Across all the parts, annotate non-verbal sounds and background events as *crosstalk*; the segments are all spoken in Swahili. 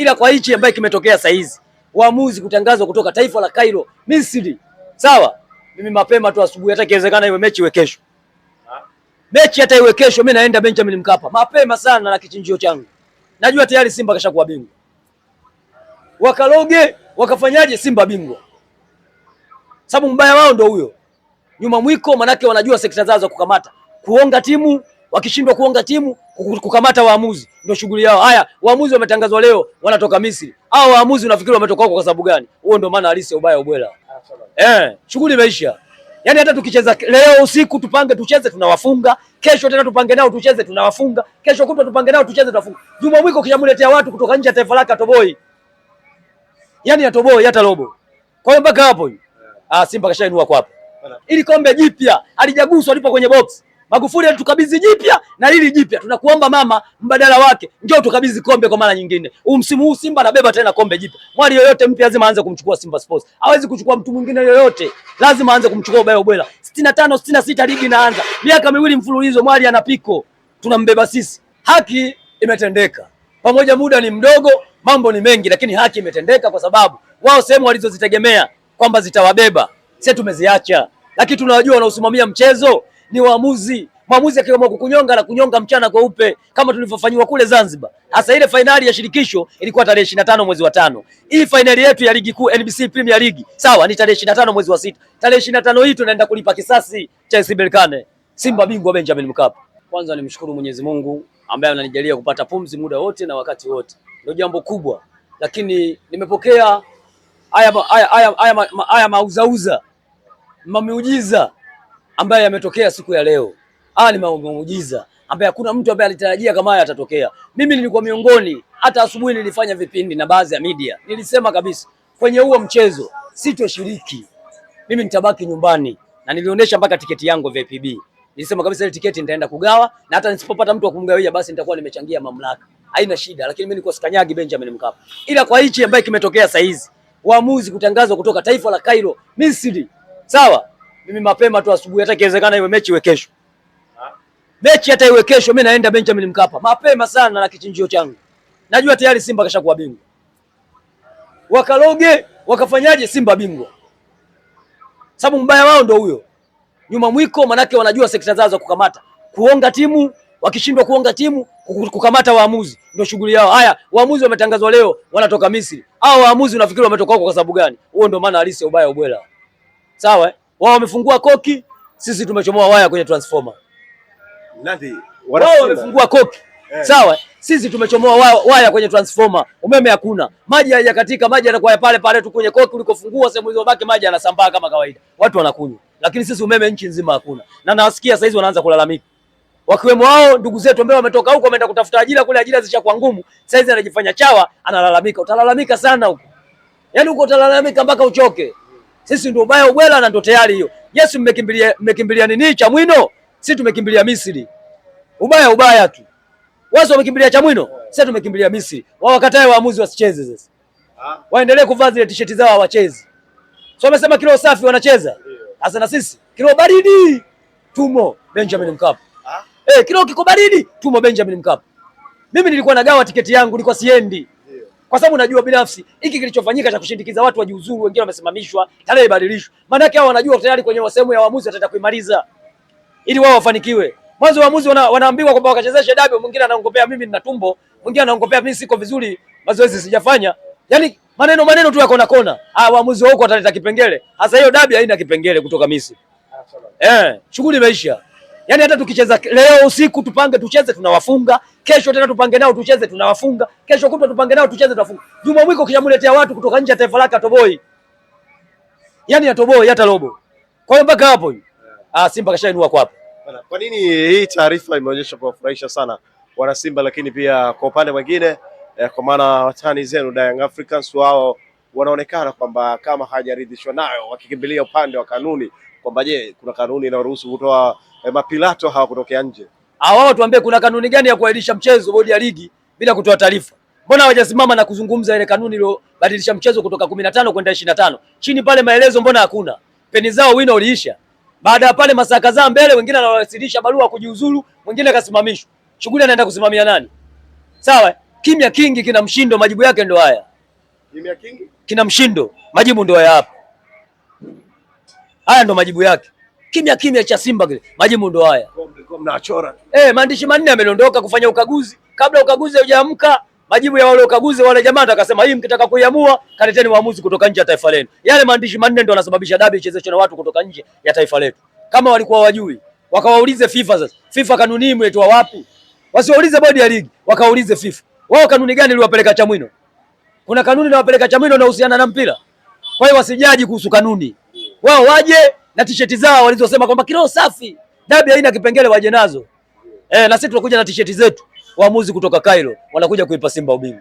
ila kwa hichi ambaye kimetokea saa hizi, uamuzi kutangazwa kutoka taifa la Cairo Misri, sawa. Mimi mapema tu asubuhi, hata ikiwezekana iwe mechi iwe kesho, mechi hata iwe kesho, mimi naenda Benjamin Mkapa mapema sana na kichinjio changu, najua tayari Simba kashakuwa bingwa, wakaloge wakafanyaje, Simba bingwa, sababu mbaya wao ndio huyo nyuma mwiko, manake wanajua sekta zao za kukamata, kuonga timu, wakishindwa kuonga timu kukamata waamuzi ndio shughuli yao. Haya, waamuzi wametangazwa leo, wanatoka Misri. Hao waamuzi unafikiri wametoka huko kwa sababu gani? Huo ndio maana halisi ubaya ubwela. Eh, shughuli imeisha. Yaani hata tukicheza leo usiku tupange tucheze tunawafunga, kesho tena tupange nao tucheze tunawafunga, kesho kutwa tupange nao tucheze tunawafunga. Juma mwiko kishamletea watu kutoka nje ya taifa lake atoboi. Yaani atoboi hata robo. Kwa hiyo mpaka hapo hiyo. Ah, Simba kashainua kwa hapo. Ili kombe jipya alijaguswa alipo kwenye boxi. Magufuli alitukabidhi jipya na lili jipya. Tunakuomba mama, mbadala wake njoo tukabidhi kombe kwa mara nyingine. Huu msimu huu Simba anabeba tena kombe jipya. Mwali yoyote mpya lazima aanze kumchukua Simba Sports, hawezi kuchukua mtu mwingine yoyote, lazima aanze kumchukua Ubaya Ubwela. sitini na tano sitini na sita ligi inaanza, miaka miwili mfululizo, mwali ana piko, tunambeba sisi. Haki imetendeka, pamoja muda ni mdogo, mambo ni mengi, lakini haki imetendeka kwa sababu wao sehemu walizozitegemea kwamba zitawabeba sisi tumeziacha, lakini tunawajua wanaosimamia mchezo ni waamuzi. Mwamuzi akiamua kukunyonga na kunyonga mchana kweupe kama tulivyofanyiwa kule Zanzibar. Hasa ile fainali ya shirikisho ilikuwa tarehe ishirini na tano mwezi wa tano. Hii fainali yetu ya ligi kuu NBC Premier League sawa, ni tarehe ishirini na tano mwezi wa sita. Tarehe ishirini na tano hii tunaenda kulipa kisasi cha SC Berkane, Simba bingwa Benjamin Mkapa. Kwanza nimshukuru Mwenyezi Mungu ambaye ananijalia kupata pumzi muda wote na wakati wote, ndio jambo kubwa, lakini nimepokea haya haya haya mauzauza mamiujiza ambayo yametokea siku ya leo. Haya ni maujiza ambaye hakuna mtu ambaye alitarajia kama haya yatatokea. Mimi nilikuwa miongoni, hata asubuhi nilifanya vipindi na baadhi ya media, nilisema kabisa kwenye huo mchezo sitoshiriki, mimi nitabaki nyumbani, na nilionyesha mpaka tiketi yangu VPB. Nilisema kabisa ile tiketi nitaenda kugawa, na hata nisipopata mtu wa kumgawia, basi nitakuwa nimechangia mamlaka, haina shida. Lakini mimi niko sikanyagi Benjamin Mkapa, ila kwa hichi ambaye kimetokea saizi, uamuzi kutangazwa kutoka taifa la Cairo, Misri, sawa mimi mapema tu asubuhi, hata ikiwezekana iwe mechi iwe kesho, ha? mechi hata iwe kesho, mimi naenda Benjamin Mkapa mapema sana na kichinjio changu, najua tayari Simba kashakuwa bingwa, wakaloge wakafanyaje, Simba bingwa, sababu mbaya wao ndio huyo nyuma mwiko, manake wanajua sekta zao za kukamata, kuonga timu wakishindwa kuonga timu kukamata waamuzi, ndio shughuli yao. Haya, waamuzi wametangazwa leo, wanatoka Misri. Hao waamuzi unafikiri wametoka huko kwa sababu gani? Huo ndio maana halisi ubaya ubwela, sawa eh? wao wamefungua koki, sisi tumechomoa waya kwenye transformer. Wao wamefungua koki eh, sawa, sisi tumechomoa waya kwenye transformer. Umeme hakuna, maji hayajakatika, maji yanakuwa pale pale tu kwenye koki ulikofungua, sehemu hizo baki maji yanasambaa kama kawaida, watu wanakunywa, lakini sisi umeme nchi nzima hakuna, na nawasikia saizi wanaanza kulalamika wakiwemo wao ndugu zetu ambao wametoka huko wameenda kutafuta ajira kule, ajira zishakuwa ngumu. Saizi anajifanya chawa, analalamika. Utalalamika sana huko, yaani huko utalalamika mpaka uchoke. Sisi ndio ubaya ubwela na ndio tayari hiyo. Yesu mmekimbilia mmekimbilia nini cha mwino? Sisi tumekimbilia Misri. Ubaya ubaya tu. Wazo wamekimbilia cha mwino, sisi tumekimbilia Misri. Wao wakatae waamuzi wasicheze sasa. Waendelee kuvaa zile t-shirt zao wacheze. So wamesema kilo safi wanacheza. Sasa na sisi kilo baridi tumo Benjamin Mkapa. Eh, kilo kiko baridi tumo Benjamin Mkapa. Mimi nilikuwa nagawa tiketi yangu, nilikuwa siendi kwa sababu najua binafsi hiki kilichofanyika cha kushindikiza watu wajiuzuru, wengine wamesimamishwa, tarehe ibadilishwe, maana yake hao wanajua tayari kwenye sehemu ya waamuzi wataenda kuimaliza ili wao wafanikiwe. Mwanzo waamuzi wana, wanaambiwa kwamba wakachezeshe dabi, mwingine anaongopea mimi nina tumbo, mwingine anaongopea mimi siko vizuri, mazoezi sijafanya, yaani maneno maneno tu ya kona kona. Ah, waamuzi wao huko wataleta kipengele. Sasa hiyo dabi haina kipengele kutoka Misri, eh, shughuli imeisha. Yaani hata tukicheza leo usiku tupange tucheze tunawafunga, kesho tena tupange nao tucheze tunawafunga, kesho kutwa tupange nao tucheze tunawafunga. Juma Mwiko kishamletea watu kutoka nje ya taifa lake atoboi. Yaani atoboi hata robo. Kwa hiyo mpaka hapo hiyo. Ah, Simba kashainua kwa hapo. Kwa nini hii taarifa imeonyesha kuwafurahisha sana wana Simba, lakini pia kwa upande mwingine eh, kwa maana watani zenu Young Africans wao wanaonekana kwamba kama hajaridhishwa nayo wakikimbilia upande wa kanuni kwamba je, kuna kanuni inaruhusu kutoa eh, mapilato hawa kutokea nje? Wao tuambie kuna kanuni gani ya kuahirisha mchezo bodi ya ligi bila kutoa taarifa? Mbona hawajasimama na kuzungumza ile kanuni iliyobadilisha mchezo kutoka 15 kwenda 25? chini pale maelezo, mbona hakuna? Peni zao wino uliisha. Baada ya pale masaa kadhaa mbele, wengine wanawasilisha barua kujiuzulu, mwingine akasimamishwa. Shughuli anaenda kusimamia nani? Sawa, kimya kingi kina mshindo, majibu yake ndo haya. Kimya kingi kina mshindo, majibu ndo haya hapa. Haya ndo majibu yake, kimya kimya cha Simba kile, majibu ndo haya. Eh, maandishi manne amelondoka kufanya ukaguzi, kabla ukaguzi haujaamka majibu ya wale ukaguzi wale jamaa atakasema, hii mkitaka kuiamua kaleteni waamuzi kutoka nje ya taifa lenu. Yale maandishi manne ndo yanasababisha dabi ichezeshwe na watu kutoka nje ya taifa letu. Kama walikuwa wajui, wakawaulize FIFA. Sasa FIFA kanuni hii mletoa wapi? Wasiwaulize bodi ya ligi, wakawaulize FIFA, wao kanuni gani iliwapeleka Chamwino? Kuna kanuni inawapeleka Chamwino na uhusiana na mpira? Kwa hiyo wasijaji kuhusu kanuni wao waje na tisheti zao walizosema kwamba kiroho safi, dabi haina kipengele, waje nazo eh, na sisi tunakuja na tisheti zetu. Waamuzi kutoka Cairo wanakuja kuipa Simba ubingwa.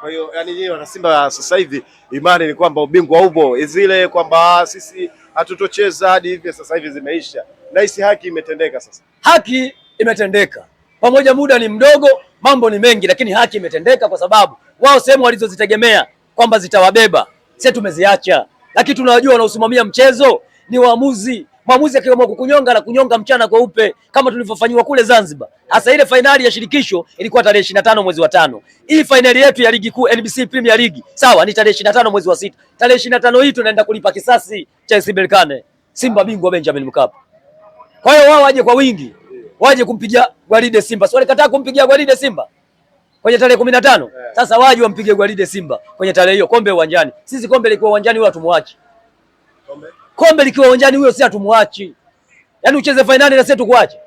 Kwa hiyo yani, yeye wana Simba sasa hivi imani ni kwamba ubingwa upo, zile kwamba ah, sisi hatutocheza hadi hivi sasa hivi zimeisha. Nahisi haki imetendeka sasa, haki imetendeka pamoja, muda ni mdogo, mambo ni mengi, lakini haki imetendeka kwa sababu wao sehemu walizozitegemea kwamba zitawabeba sisi tumeziacha lakini tunawajua wanaosimamia mchezo ni waamuzi. Mwamuzi akiamua kukunyonga na kunyonga mchana kweupe, kama tulivyofanywa kule Zanzibar. Hasa ile fainali ya shirikisho ilikuwa tarehe ishirini na tano mwezi wa tano. Hii fainali yetu ya ligi kuu NBC Premier League sawa, ni tarehe ishirini na tano mwezi wa sita. Tarehe ishirini na tano hii tunaenda kulipa kisasi cha Berkane, Simba bingwa Benjamin Mkapa. Kwa hiyo wao waje kwa wingi, waje kumpigia gwaride Simba. Si walikataa kumpigia gwaride Simba? kwenye tarehe kumi na tano eh. sasa waje wampige gwaride Simba kwenye tarehe hiyo. Kombe uwanjani, sisi kombe likiwa uwanjani huyo hatumwachi. Kombe kombe likiwa uwanjani huyo sisi hatumwachi. Yaani ucheze fainali na sisi tukuache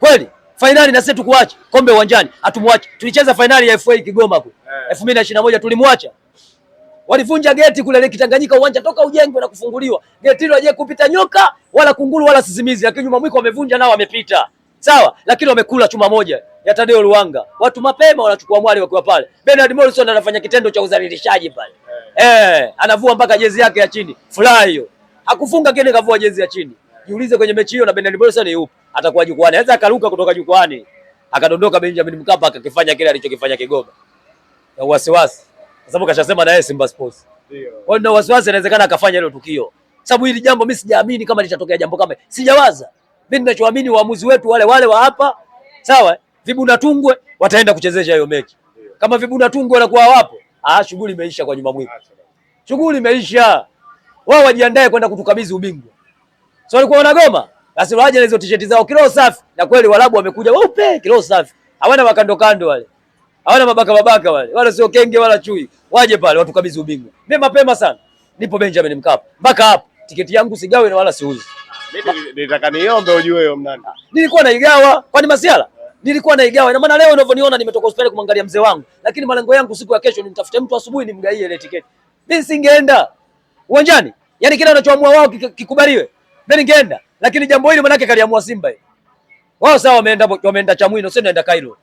kweli? Fainali na sisi tukuache? Kombe uwanjani hatumwachi. Tulicheza fainali ya FA Kigoma hapo eh. elfu mbili na ishirini na moja tulimwacha walivunja geti kule Lake Tanganyika, uwanja toka ujengwe na kufunguliwa geti hilo, haje kupita nyoka wala kunguru wala sisimizi, lakini nyuma mwiko wamevunja nao wamepita, sawa, lakini wamekula chuma moja ya Tadeo Luanga. Watu mapema wanachukua mwali wakiwa pale. Bernard Morrison anafanya kitendo cha udhalilishaji pale. Eh, hey, eh, anavua mpaka jezi yake ya chini. Furaha hiyo. Hakufunga kile kavua jezi ya chini. Jiulize kwenye mechi hiyo na Bernard Morrison yupo. Atakuwa jukwani. Anaweza akaruka kutoka jukwani. Akadondoka Benjamin Mkapa akakifanya kile alichokifanya Kigoma. Na wasiwasi. Kwa sababu kashasema na yeye Simba Sports. Ndio. Kwa hiyo na wasiwasi inawezekana akafanya hilo tukio. Sababu hili jambo mimi sijaamini kama litatokea jambo kama. Sijawaza. Mimi ninachoamini waamuzi wetu wale wale wa hapa. Sawa? Vibunda Tungwe wataenda kuchezesha hiyo mechi. Kama Vibunda Tungwe wanakuwa wapo, ah, shughuli imeisha kwa nyuma mwiko. Shughuli imeisha. Wao wajiandae kwenda kutukabidhi ubingwa. So walikuwa wanagoma, basi waje na hizo t-shirt zao kiroho safi na kweli walabu wamekuja weupe kiroho safi. Hawana makando kando wale. Hawana mabaka mabaka wale. Wala sio kenge wala chui. Waje pale watukabidhi ubingwa. Mimi mapema sana. Nipo Benjamin Mkapa. Mpaka hapo tiketi yangu sigawe na wala siuzi. Mimi nitaka niombe ujue hiyo mnani. Nilikuwa naigawa kwani masiala nilikuwa naigawa. Ina maana leo unavyoniona nimetoka hospitali kumwangalia mzee wangu, lakini malengo yangu siku ya kesho nimtafute mtu asubuhi nimgaie ile tiketi. Mimi singeenda uwanjani, yani kile wanachoamua wao kikubaliwe, mimi ningeenda, lakini jambo hili manake kaliamua Simba hii wao. Sawa, wameenda wameenda Chamwino, sio naenda Cairo.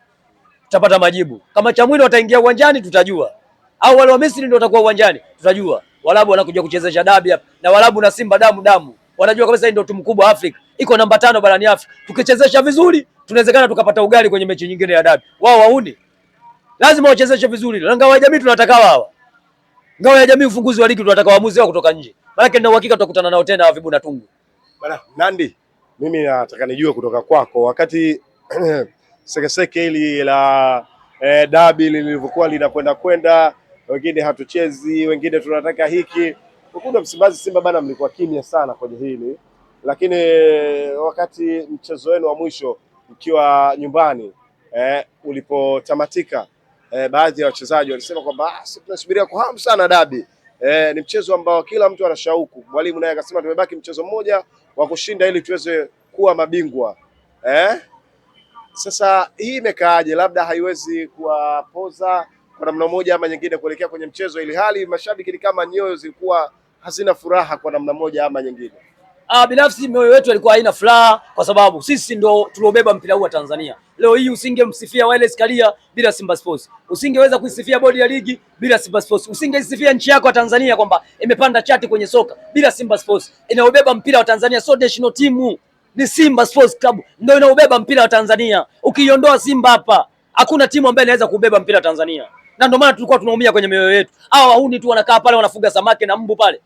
Tutapata majibu kama Chamwino wataingia uwanjani, tutajua au wale wa Misri ndio watakuwa uwanjani, tutajua. Walabu wanakuja kuchezesha dabi hapa, na Walabu na Simba damu damu, wanajua kabisa hii ndio timu kubwa Afrika, iko namba tano barani Afrika. Tukichezesha vizuri tunawezekana tukapata ugali kwenye mechi nyingine ya dabi. Wao wauni lazima wachezeshe vizuri. Ngao ya jamii tunataka hawa, ngao ya jamii, ufunguzi wa ligi tunataka waamuzi wao kutoka nje, maanake na uhakika tutakutana nao tena vibu na tungu. Bana Nandi, mimi nataka nijue kutoka kwako wakati *clears throat* sekeseke hili la eh, dabi lilivyokuwa linakwenda kwenda, wengine hatuchezi, wengine tunataka hiki Wekundu Msimbazi Simba bana, mlikuwa kimya sana kwenye hili, lakini eh, wakati mchezo wenu wa mwisho ukiwa nyumbani eh, ulipotamatika eh, baadhi ya wachezaji walisema kwamba ah, tunasubiria kwa hamu sana dabi eh, ni mchezo ambao kila mtu anashauku Mwalimu naye akasema tumebaki mchezo mmoja wa kushinda ili tuweze kuwa mabingwa eh? Sasa hii imekaaje? Labda haiwezi kuwapoza kwa namna moja ama nyingine kuelekea kwenye mchezo, ili hali mashabiki ni kama nyoyo zilikuwa hazina furaha kwa namna moja ama nyingine. Ah, binafsi mioyo yetu ilikuwa haina furaha kwa sababu sisi ndo tuliobeba mpira huu wa Tanzania. Leo hii usingemsifia Wallace Karia bila Simba Sports. Usingeweza kuisifia bodi ya ligi bila Simba Sports. Usingeisifia nchi yako ya Tanzania kwamba imepanda chati kwenye soka bila Simba Sports. Inaobeba mpira wa Tanzania sio national team, ni Simba Sports Club ndio inaobeba mpira wa Tanzania. Ukiiondoa Simba hapa, hakuna timu ambayo inaweza kubeba mpira wa Tanzania. Na ndio maana tulikuwa tunaumia kwenye mioyo yetu. Hawa wahuni tu wanakaa pale wanafuga samaki na mbu pale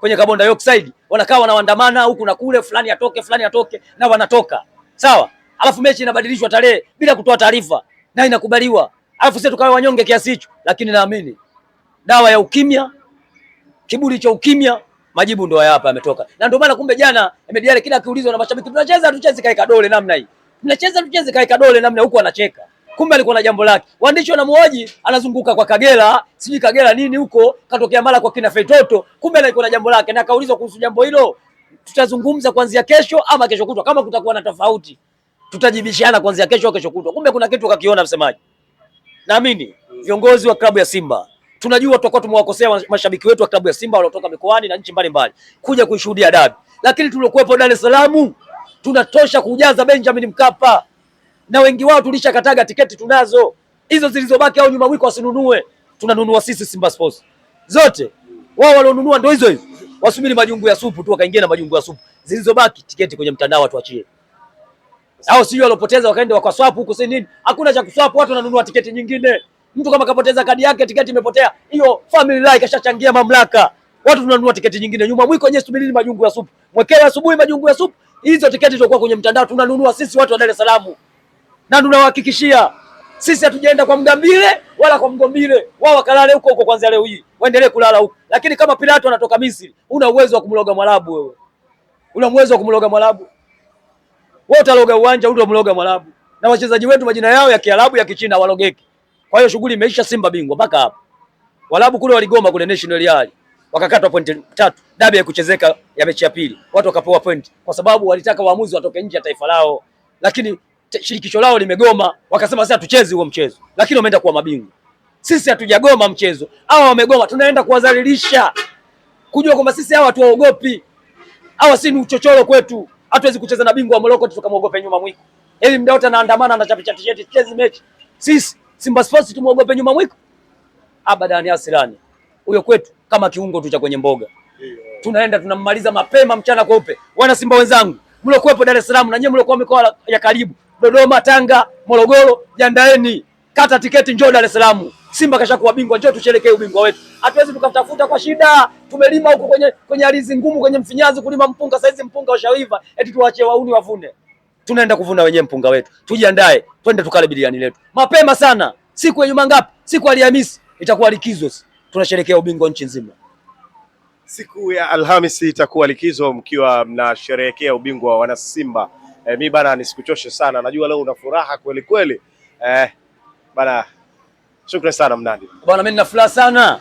kwenye carbon dioxide, wanakaa wanaandamana huku na kule, fulani atoke, fulani atoke, na wanatoka sawa. Alafu mechi inabadilishwa tarehe bila kutoa taarifa na inakubaliwa, alafu sisi tukawa wanyonge kiasi hicho. Lakini naamini dawa ya ukimya, kiburi cha ukimya, majibu ndio hapa yametoka, na ndio maana kumbe jana MDL kila akiulizwa na mashabiki, tunacheza tucheze, kaeka dole namna hii, mnacheza tucheze, kaeka dole namna huko, anacheka kumbe alikuwa na jambo lake. Waandishi wanamuoji, anazunguka kwa Kagera, sijui Kagera nini huko, katokea mara kwa kina Fetoto, kumbe alikuwa na jambo lake, na akaulizwa kuhusu jambo hilo. Tutazungumza kuanzia kesho ama kesho kutwa, kama kutakuwa na tofauti tutajibishana kuanzia kesho au kesho kutwa. Kumbe kuna kitu akakiona msemaji. Naamini viongozi wa klabu ya Simba tunajua tutakuwa tumewakosea mashabiki wetu wa klabu ya Simba waliotoka mikoani na nchi mbalimbali kuja kuishuhudia dabi, lakini tuliokuwepo Dar es Salaam tunatosha kujaza Benjamin Mkapa na wengi wao tulishakataga tiketi, tunazo hizo zilizobaki, au nyuma wiki wasinunue, tunanunua sisi Simba Sports zote. Wao walionunua ndio hizo hizo, wasubiri majungu ya supu tu, wakaingia na majungu ya supu. Zilizobaki tiketi kwenye mtandao tuachie, au sio? walopoteza wakaenda kwa swap huko, si nini? Hakuna cha kuswap, watu wananunua tiketi nyingine. Mtu kama kapoteza kadi yake, tiketi imepotea, hiyo family life kashachangia mamlaka, watu tunanunua tiketi nyingine. Nyuma mwiko wenyewe, subirini majungu ya supu, mwekee asubuhi majungu ya supu. Hizo tiketi zilizokuwa kwenye mtandao tunanunua sisi watu wa Dar es Salaam na tunawahakikishia sisi hatujaenda kwa mgambile wala kwa mgombile. Wao wakalale huko huko kwanza, leo hii waendelee kulala huko, lakini kama Pilato anatoka Misri, una uwezo wa kumloga Mwarabu wewe? Una uwezo wa kumloga Mwarabu wewe? Utaloga uwanja ule umloga Mwarabu, na wachezaji wetu majina yao ya Kiarabu ya Kichina walogeki. Kwa hiyo shughuli imeisha, Simba bingwa mpaka hapo. Walabu kule waligoma kule National Yali wakakatwa pointi tatu, dabi ya kuchezeka ya mechi ya pili, watu wakapewa pointi kwa sababu walitaka waamuzi watoke nje ya taifa lao, lakini shirikisho lao limegoma, wakasema sasa tucheze huo mchezo, lakini wameenda kuwa mabingwa. Sisi hatujagoma mchezo, hawa wamegoma, tunaenda kuwadhalilisha, kujua kwamba sisi hawa hatuwaogopi hawa, si ni uchochoro kwetu. Hatuwezi kucheza na bingwa wa Moroko tukamwogope nyuma mwiko, ili mda wote anaandamana anachapisha tisheti, tucheze mechi. Sisi Simba Sports tumwogope nyuma mwiko? Abadani, asilani huyo kwetu kama kiungo tu cha kwenye mboga tunaenda tunammaliza mapema mchana kweupe. Wana Simba wenzangu mliokuwepo Dar es Salaam na nyinyi mliokuwa mikoa ya karibu, Dodoma, Tanga, Morogoro, jandaeni, kata tiketi, njoo Dar es Salaam. Simba kuwa bingwa, njoo tusherekee ubingwa wetu. Hatuwezi tukatafuta kwa shida, tumelima huko kwenye kwenye ardhi ngumu, kwenye mfinyazi, kulima mpunga. Sasa hizi mpunga ushaiva, eti tuwaachie wauni wavune? Tunaenda kuvuna wenyewe mpunga wetu. Tujiandae, twende tukale biliani letu mapema sana. Siku ya Juma ngapi? Siku ya Alhamisi itakuwa likizo, tunasherekea ubingwa nchi nzima. Siku ya Alhamisi itakuwa likizo, mkiwa mnasherehekea ubingwa wa wanasimba. E, mi bana, nisikuchoshe sana, najua leo una furaha kweli kweli. Eh, bana, shukrani sana Mnandi Bana mimi nina furaha sana yeah.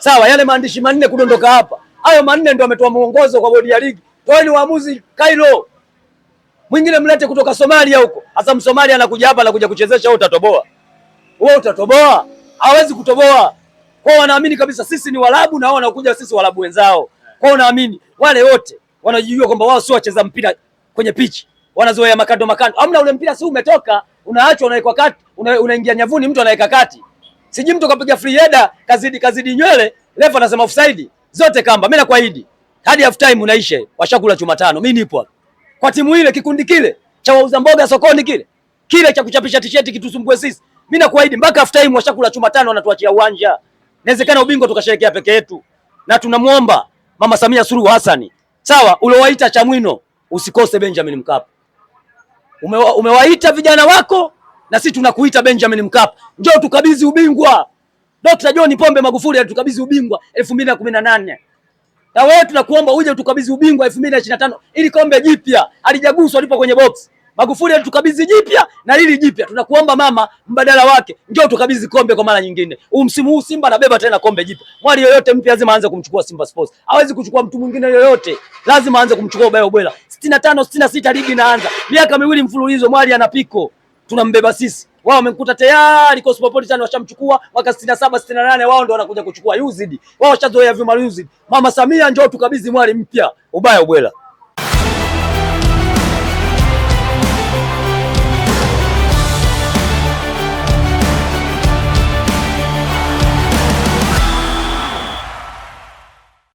Sawa, yale maandishi manne kudondoka hapa, hayo manne ndio ametoa mwongozo kwa bodi ya ligi. Toeni waamuzi Cairo, mwingine mlete kutoka Somalia huko. Hasa Msomalia anakuja hapa anakuja kuchezesha, wewe utatoboa, wewe utatoboa? Hawezi kutoboa kwao, wanaamini kabisa sisi ni Waarabu na wao wanakuja sisi Waarabu wenzao kwao, wanaamini wale wote wanajijua kwamba wao sio wacheza mpira kwenye pichi wanazoea makando makando, Amna, ule mpira si umetoka, unaachwa unawekwa kati, unaingia nyavuni, mtu anaweka kati, sijui mtu kapiga free header, kazidi kazidi nywele, refa anasema offside. Zote kamba, mimi nakuahidi hadi half time unaisha, washakula chuma tano. Mimi nipo hapa kwa timu ile, kikundi kile cha wauza mboga sokoni, kile kile cha kuchapisha t-shirt kitusumbue sisi. Mimi nakuahidi mpaka half time washakula chuma tano, wanatuachia uwanja. Inawezekana ubingwa tukasherekea peke yetu, na tunamuomba Mama Samia Suluhu Hassan, sawa, uliowaita Chamwino usikose Benjamin Mkapa. Umewa, umewaita vijana wako na sisi tunakuita Benjamin Mkapa, njoo tukabidhi ubingwa. Dr. John Pombe Magufuli alitukabidhi ubingwa 2018. Na wewe tunakuomba uje tukabidhi ubingwa 2025 ili kombe jipya alijaguswa alipo kwenye box. Magufuli alitukabidhi jipya na lili jipya. Tunakuomba mama, mbadala wake, njoo tukabidhi kombe kwa mara nyingine. Huu msimu huu Simba anabeba tena kombe jipya. Mwali yoyote mpya lazima aanze kumchukua Simba Sports. Hawezi kuchukua mtu mwingine yoyote. Lazima aanze kumchukua Bayo Bwela sitini na tano sitini na sita ligi inaanza, miaka miwili mfululizo mwali anapiko tunambeba sisi. Wao wamemkuta tayari Cosmopolitan washamchukua mwaka sitini na saba sitini na nane wao ndo wanakuja kuchukua Yuzidi. wao washazoea vyuma Yuzidi. Mama Samia njoo tukabidhi mwali mpya ubaya ubwela